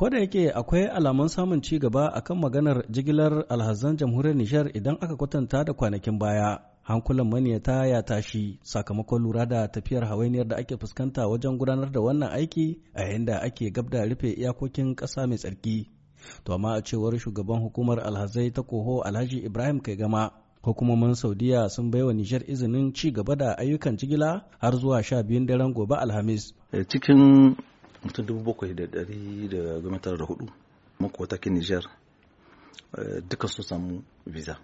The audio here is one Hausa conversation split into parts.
Ko da yake akwai alamun samun ci gaba akan maganar jigilar alhazan jamhuriyar Nijar idan aka kwatanta da kwanakin baya. Hankulan maniyata ya tashi sakamakon lura da tafiyar hawainiyar da ake fuskanta wajen gudanar da wannan aiki a yayin da ake gabda rufe iyakokin kasa mai tsarki. To amma a cewar shugaban hukumar alhazai ta koho Alhaji Ibrahim Kai Gama hukumomin saudiya sun baiwa nijar izinin ci gaba da ayyukan jigila har zuwa sha biyun daren gobe alhamis eh, cikin mutum dubu bakwai da dari da goma tara da hudu makwatakin niger eh, duka sun samu visa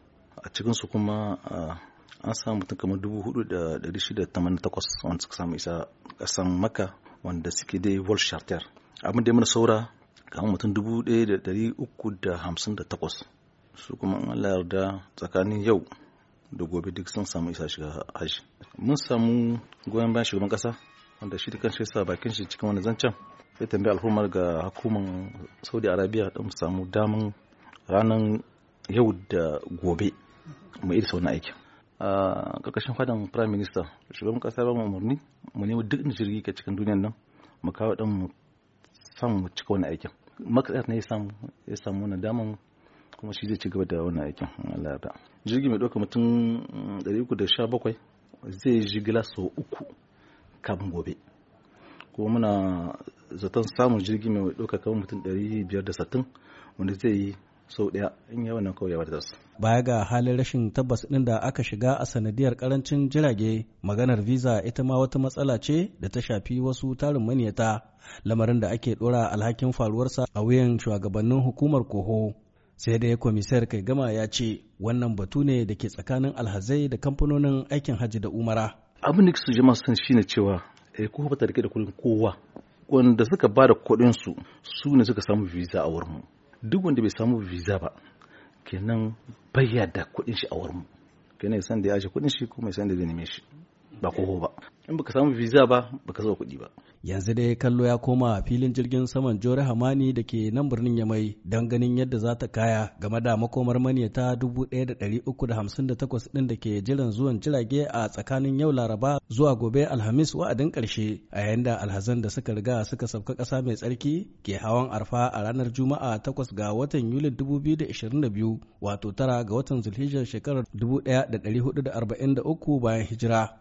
a cikinsu kuma eh, an samu mutum kamar dubu hudu da dari shida tamanin takwas wanda suka samu isa kasan maka wanda suke dai vol charter abin da mana saura kamar mutum dubu daya da dari uku da hamsin da takwas su kuma an yarda tsakanin yau da gobe duk sun samu isa shiga haji mun samu goyon bayan shugaban kasa wanda shi kan shi sa bakin shi cikin wani zancen zai tambayi al'ummar ga hukumar saudi arabia don mu samu daman ranar yau da gobe mu irsa wani aiki a ƙarƙashin fadin prime minister shugaban ƙasa ba mu umarni mu nemi duk jirgi ka cikin duniyar nan mu kawo ɗan mu samu mu cika wani aikin makasar ne ya samu ya samu wani daman kuma shi zai ci gaba da wani aikin Allah ya jirgi mai ɗauka mutum 317 eh, zai jigila sau uku kafin gobe kuma muna zaton samun jirgi mai ɗauka mutum 560 wanda zai yi sau ɗaya in yi wannan kawai ya Baya ga halin rashin tabbas ɗin da aka shiga a sanadiyar karancin jirage maganar visa ita ma wata matsala ce da ta shafi wasu tarin maniyata lamarin da ake ɗora alhakin faruwarsa a wuyan shugabannin hukumar koho. Sai dai kwamisar kai gama ya ce wannan batu ne da ke tsakanin alhazai da kamfanonin aikin hajji da umara. abin da su jama san shine cewa eh, ko yi ta rike da kudin kowa wanda suka ba da kuɗin su su ne suka samu visa a wurin duk wanda bai samu visa ba kenan bayya da kuɗin shi a wurin mu kenan ya san da ya aje kuɗin shi kuma ya san da zai neme shi ba koho ba in baka samu visa ba baka zo kuɗi ba yanzu dai kallo ya koma filin jirgin saman jore hamani da ke nan birnin yamai don ganin yadda za ta kaya game da makomar ta 1358 ɗin da ke jiran zuwan jirage a tsakanin yau laraba zuwa gobe alhamis wa'adin ƙarshe a yayin da alhazan da suka riga suka sauka ƙasa mai tsarki ke hawan arfa a ranar juma'a 8 ga watan yulin 2022 wato tara ga watan zulhijar shekarar 1443 bayan hijira